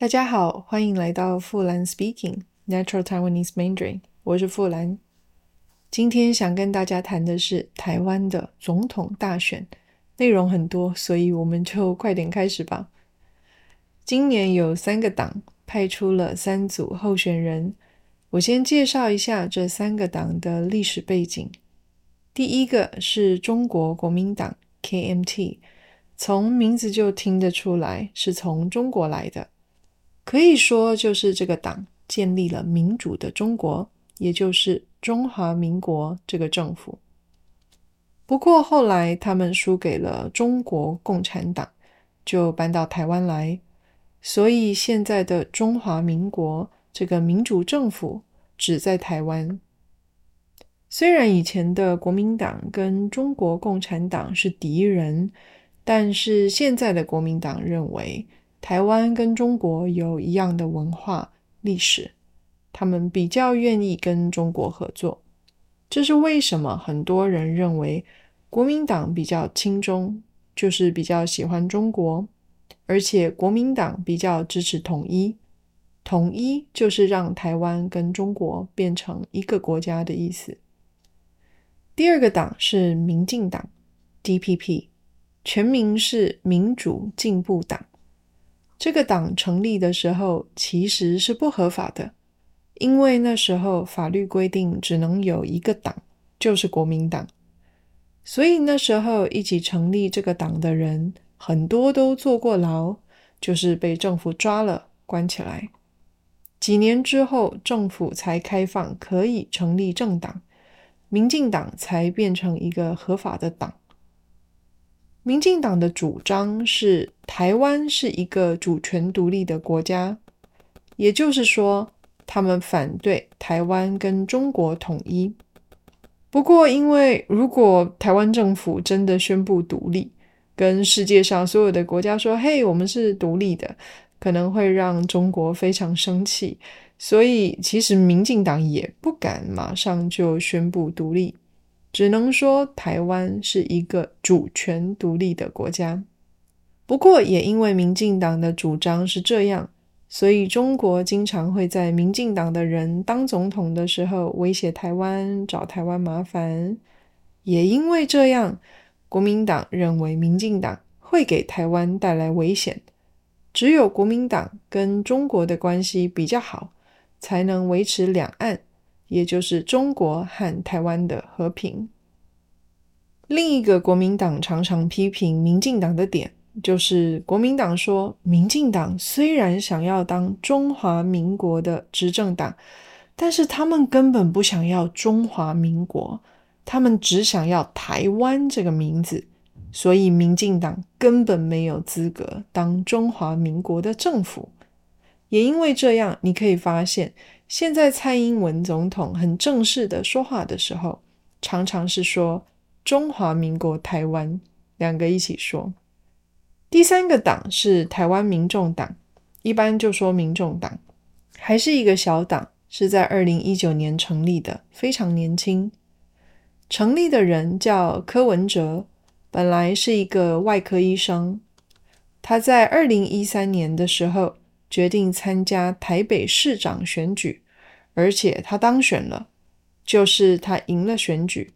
大家好，歡迎來到富蘭 Speaking Natural Taiwanese Mandarin。我是富蘭。今天想跟大家談的是台灣的總統大選，內容很多，所以我們就快點開始吧。今年有三個黨派出了三組候選人。我先介紹一下這三個黨的歷史背景。第一個是中國國民黨 （KMT），從名字就聽得出來是從中國來的。可以說，就是這個黨建立了民主的中國，也就是中華民國這個政府。不過後來他們輸給了中國共產黨，就搬到台灣來。所以現在的中華民國這個民主政府只在台灣。雖然以前的國民黨跟中國共產黨是敵人，但是現在的國民黨認為，台灣跟中國有一樣的文化歷史，他們比較願意跟中國合作。這是為什麼很多人認為國民黨比較親中，就是比較喜歡中國，而且國民黨比較支持統一。統一就是讓台灣跟中國變成一個國家的意思。第二個黨是民進黨 （DPP），全名是民主進步黨。這個黨成立的時候其實是不合法的，因為那時候法律規定只能有一個黨，就是國民黨。所以那時候一起成立這個黨的人很多都坐過牢，就是被政府抓了，關起來。幾年之後，政府才開放可以成立政黨，民進黨才變成一個合法的黨。民進黨的主張是台灣是一個主權獨立的國家，也就是說，他們反對台灣跟中國統一。不過，因為如果台灣政府真的宣布獨立，跟世界上所有的國家說“嘿，我們是獨立的”，可能會讓中國非常生氣，所以其實民進黨也不敢馬上就宣布獨立。只能說台灣是一個主權獨立的國家。不過，也因為民進黨的主張是這樣，所以中國經常會在民進黨的人當總統的時候威脅台灣，找台灣麻煩。也因為這樣，國民黨認為民進黨會給台灣帶來危險。只有國民黨跟中國的關係比較好，才能維持兩岸。也就是中國和台灣的和平。另一個國民黨常常批評民進黨的點，就是國民黨說，民進黨雖然想要當中華民國的執政黨，但是他們根本不想要中華民國，他們只想要台灣這個名字，所以民進黨根本沒有資格當中華民國的政府。也因為這樣，你可以發現，現在蔡英文總統很正式的說話的時候，常常是說“中華民國台灣”，兩個一起說。第三個黨是台灣民眾黨，一般就說民眾黨，還是一個小黨，是在二零一九年成立的，非常年輕。成立的人叫柯文哲，本來是一個外科醫生，他在二零一三年的時候，決定參加台北市長選舉，而且他當選了，就是他贏了選舉。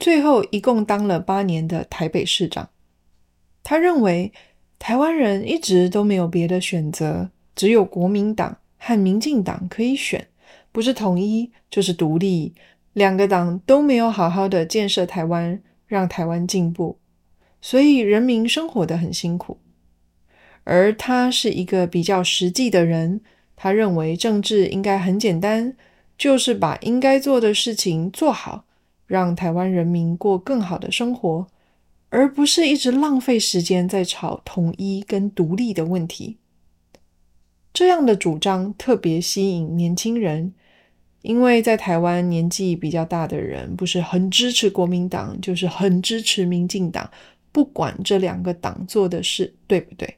最後一共當了八年的台北市長。他認為台灣人一直都沒有別的選擇，只有國民黨和民進黨可以選，不是統一就是獨立，兩個黨都沒有好好的建設台灣，讓台灣進步，所以人民生活得很辛苦。而他是一個比較實際的人，他認為政治應該很簡單，就是把應該做的事情做好，讓台灣人民過更好的生活，而不是一直浪費時間在吵統一跟獨立的問題。這樣的主張特別吸引年輕人，因為在台灣年紀比較大的人不是很支持國民黨，就是很支持民進黨，不管這兩個黨做的事對不對。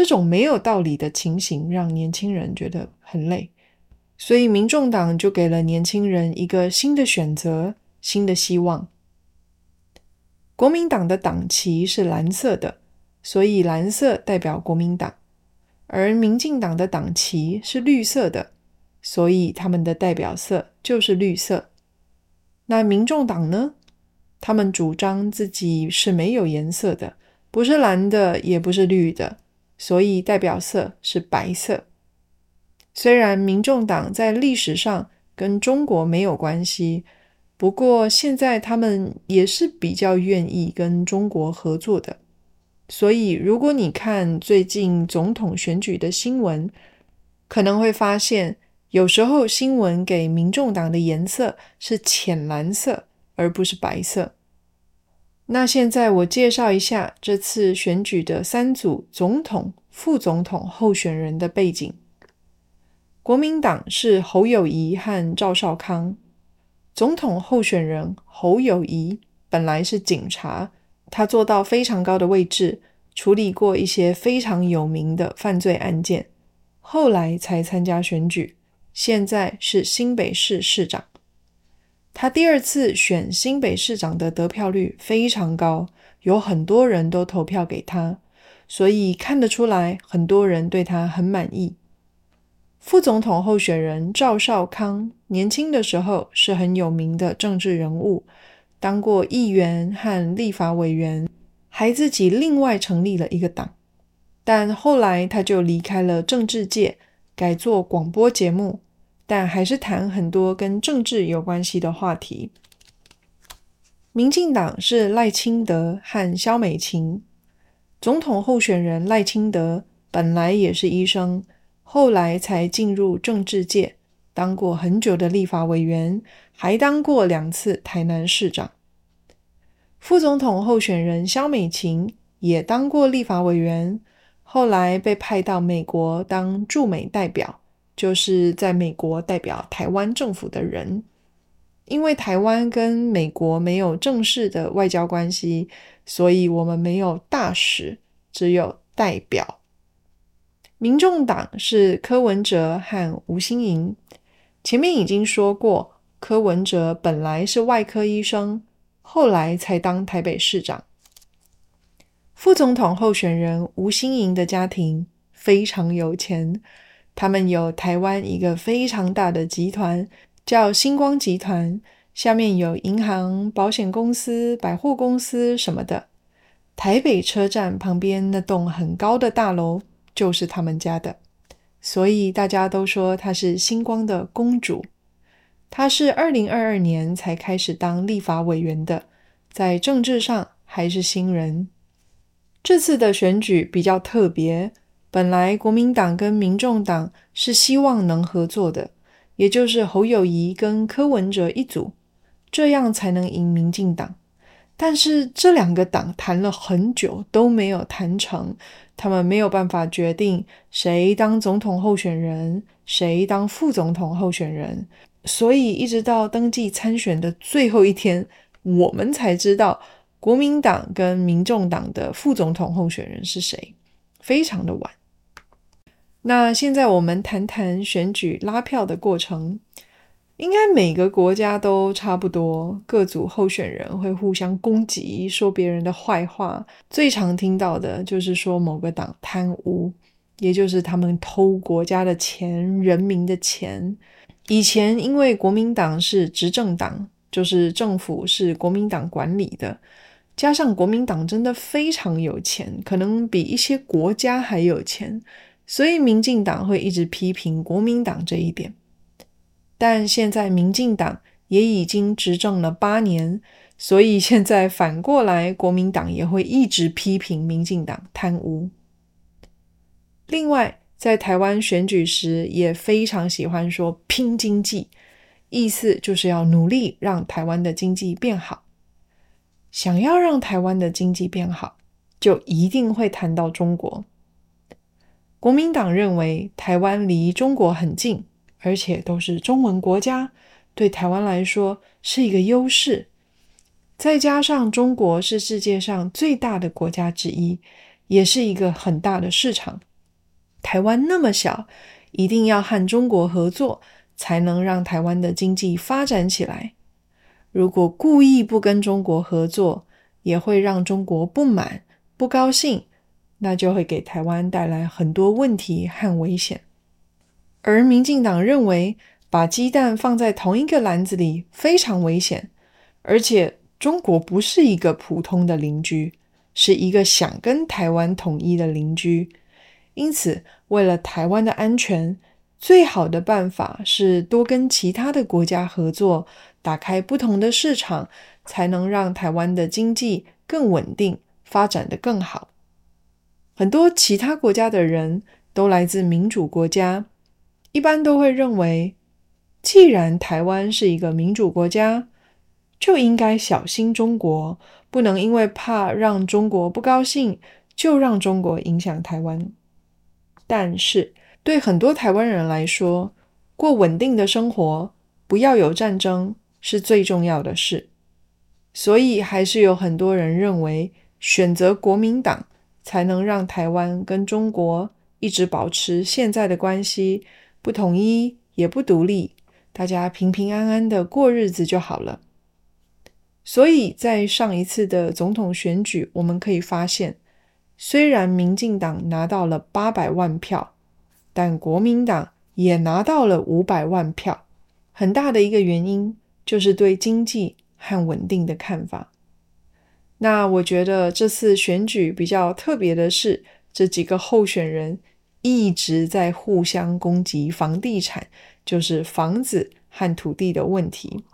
這種沒有道理的情形，讓年輕人覺得很累，所以民眾黨就給了年輕人一個新的選擇、新的希望。國民黨的黨旗是藍色的，所以藍色代表國民黨；而民進黨的黨旗是綠色的，所以他們的代表色就是綠色。那民眾黨呢？他們主張自己是沒有顏色的，不是藍的，也不是綠的。所以代表色是白色。雖然民眾黨在歷史上跟中國沒有關係，不過現在他們也是比較願意跟中國合作的。所以如果你看最近總統選舉的新聞，可能會發現有時候新聞給民眾黨的顏色是淺藍色，而不是白色。那現在我介紹一下這次選舉的三組總統、副總統候選人的背景。國民黨是侯友宜和趙少康。總統候選人侯友宜本來是警察，他做到非常高的位置，處理過一些非常有名的犯罪案件，後來才參加選舉，現在是新北市市長。他第二次選新北市長的得票率非常高，有很多人都投票給他，所以看得出來很多人對他很滿意。副總統候選人趙少康年輕的時候是很有名的政治人物，當過議員和立法委員，還自己另外成立了一個黨。但後來他就離開了政治界，改做廣播節目。但還是談很多跟政治有關係的話題。民進黨是賴清德和蕭美琴。總統候選人賴清德本來也是醫生，後來才進入政治界，當過很久的立法委員，還當過兩次台南市長。副總統候選人蕭美琴也當過立法委員，後來被派到美國當駐美代表。就是在美國代表台灣政府的人，因為台灣跟美國沒有正式的外交關係，所以我們沒有大使，只有代表。民眾黨是柯文哲和吳新盈。前面已經說過，柯文哲本來是外科醫生，後來才當台北市長。副總統候選人吳新盈的家庭非常有錢。他們有台灣一個非常大的集團，叫新光集團，下面有銀行、保險公司、百貨公司什麼的。台北車站旁邊那棟很高的大樓就是他們家的，所以大家都說她是新光的公主。她是二零二二年才開始當立法委員的，在政治上還是新人。這次的選舉比較特別。本來國民黨跟民眾黨是希望能合作的，也就是侯友宜跟柯文哲一組，這樣才能贏民進黨。但是這兩個黨談了很久都沒有談成，他們沒有辦法決定誰當總統候選人，誰當副總統候選人。所以一直到登記參選的最後一天，我們才知道國民黨跟民眾黨的副總統候選人是誰，非常的晚。那現在我們談談選舉拉票的過程，應該每個國家都差不多。各組候選人會互相攻擊，說別人的壞話。最常聽到的就是說某個黨貪汙，也就是他們偷國家的錢、人民的錢。以前因為國民黨是執政黨，就是政府是國民黨管理的，加上國民黨真的非常有錢，可能比一些國家還有錢。所以，民進黨會一直批評國民黨這一點，但現在民進黨也已經執政了八年，所以現在反過來，國民黨也會一直批評民進黨貪污。另外，在台灣選舉時，也非常喜歡說拼經濟，意思就是要努力讓台灣的經濟變好。想要讓台灣的經濟變好，就一定會談到中國。國民黨認為台灣離中國很近，而且都是中文國家，對台灣來說是一個優勢。再加上中國是世界上最大的國家之一，也是一個很大的市場。台灣那麼小，一定要和中國合作，才能讓台灣的經濟發展起來。如果故意不跟中國合作，也會讓中國不滿、不高興。那就會給台灣帶來很多問題和危險。而民進黨認為，把雞蛋放在同一個籃子裡非常危險，而且中國不是一個普通的鄰居，是一個想跟台灣統一的鄰居。因此，為了台灣的安全，最好的辦法是多跟其他的國家合作，打開不同的市場，才能讓台灣的經濟更穩定，發展得更好。很多其他國家的人都來自民主國家，一般都會認為，既然台灣是一個民主國家，就應該小心中國，不能因為怕讓中國不高興，就讓中國影響台灣。但是，對很多台灣人來說，過穩定的生活，不要有戰爭，是最重要的事。所以，還是有很多人認為，選擇國民黨。才能讓台灣跟中國一直保持現在的關係，不統一也不獨立，大家平平安安的過日子就好了。所以在上一次的總統選舉，我們可以發現，雖然民進黨拿到了八百萬票，但國民黨也拿到了五百萬票，很大的一個原因就是對經濟和穩定的看法。那我覺得這次選舉比較特別的是，這幾個候選人一直在互相攻擊房地產，就是房子和土地的問題。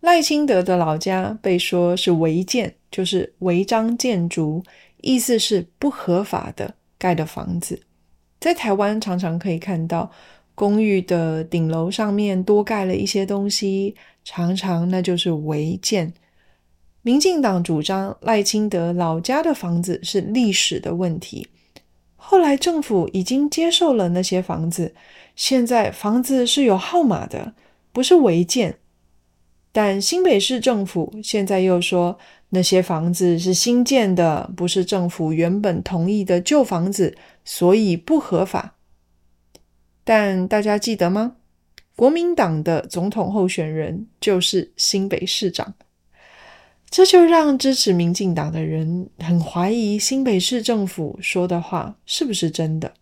賴清德的老家被說是違建，就是違章建築，意思是不合法的蓋的房子。在台灣常常可以看到公寓的頂樓上面多蓋了一些東西，常常那就是違建。民進黨主張賴清德老家的房子是歷史的問題。後來政府已經接受了那些房子，現在房子是有號碼的，不是違建。但新北市政府現在又說那些房子是新建的，不是政府原本同意的舊房子，所以不合法。但大家記得嗎？國民黨的總統候選人就是新北市長。這就讓支持民進黨的人很懷疑新北市政府說的話是不是真的。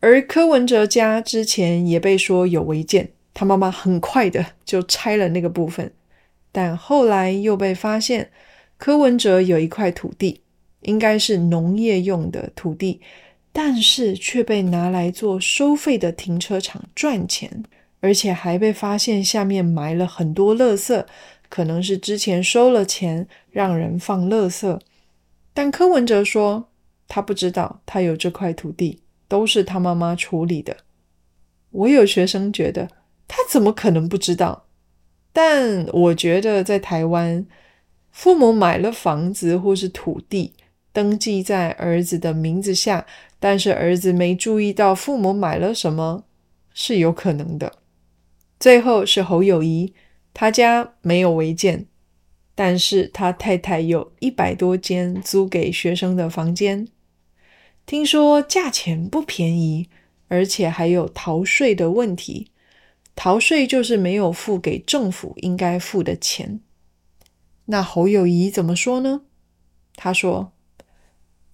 而柯文哲家之前也被說有違建，他媽媽很快的就拆了那個部分，但後來又被發現，柯文哲有一塊土地，應該是農業用的土地，但是卻被拿來做收費的停車場賺錢。而且還被發現下面埋了很多垃圾，可能是之前收了錢讓人放垃圾。但柯文哲說他不知道，他有這塊土地都是他媽媽處理的。我有學生覺得他怎麼可能不知道？但我覺得在台灣，父母買了房子或是土地登記在兒子的名字下，但是兒子沒注意到父母買了什麼，是有可能的。最後是侯友宜，他家沒有違建，但是他太太有一百多間租給學生的房間，聽說價錢不便宜，而且還有逃稅的問題。逃稅就是沒有付給政府應該付的錢。那侯友宜怎麼說呢？他說：“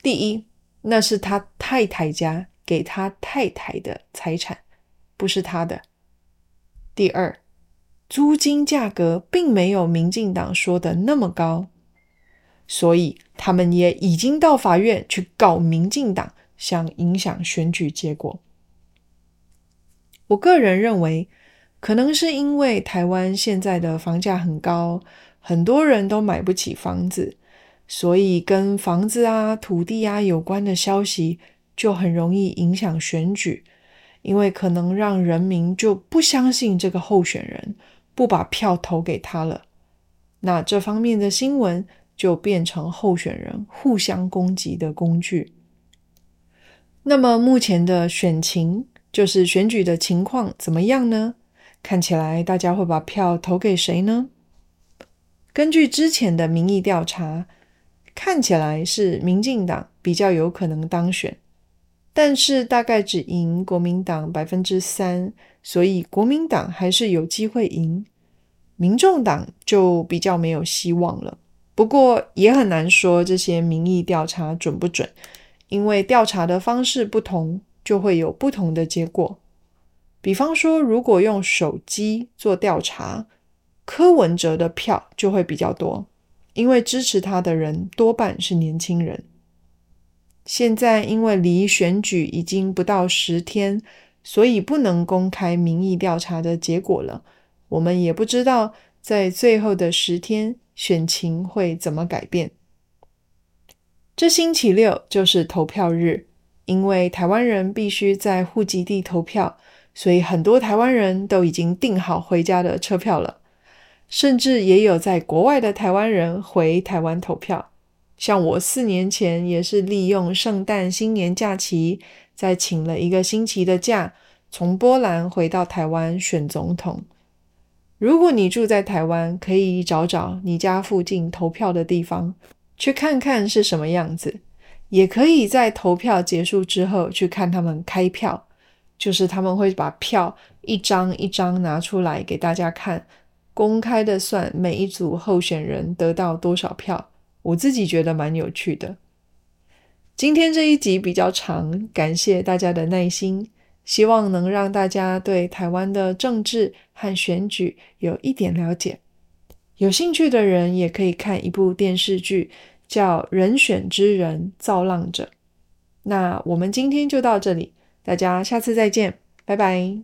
第一，那是他太太家給他太太的財產，不是他的。”第二，租金價格並沒有民進黨說的那麼高，所以他們也已經到法院去告民進黨，想影響選舉結果。我個人認為，可能是因為台灣現在的房價很高，很多人都買不起房子，所以跟房子啊、土地啊有關的消息就很容易影響選舉。因為可能讓人民就不相信這個候選人，不把票投給他了。那這方面的新聞就變成候選人互相攻擊的工具。那麼目前的選情，就是選舉的情況怎麼樣呢？看起來大家會把票投給誰呢？根據之前的民意調查，看起來是民進黨比較有可能當選。但是大概只贏國民黨百分之三，所以國民黨還是有機會贏，民眾黨就比較沒有希望了。不過也很難說這些民意調查準不準，因為調查的方式不同，就會有不同的結果。比方說，如果用手機做調查，柯文哲的票就會比較多，因為支持他的人多半是年輕人。現在因為離選舉已經不到十天，所以不能公開民意調查的結果了。我們也不知道在最後的十天選情會怎麼改變。這星期六就是投票日，因為台灣人必須在戶籍地投票，所以很多台灣人都已經訂好回家的車票了，甚至也有在國外的台灣人回台灣投票。像我四年前也是利用聖誕新年假期，再請了一個星期的假，從波蘭回到台灣選總統。如果你住在台灣，可以找找你家附近投票的地方，去看看是什麼樣子。也可以在投票結束之後去看他們開票，就是他們會把票一張一張拿出來給大家看，公開的算每一組候選人得到多少票。我自己覺得蠻有趣的。今天這一集比較長，感謝大家的耐心，希望能讓大家對台灣的政治和選舉有一點了解。有興趣的人也可以看一部電視劇，叫《人選之人造浪者》。那我們今天就到這裡，大家下次再見，拜拜。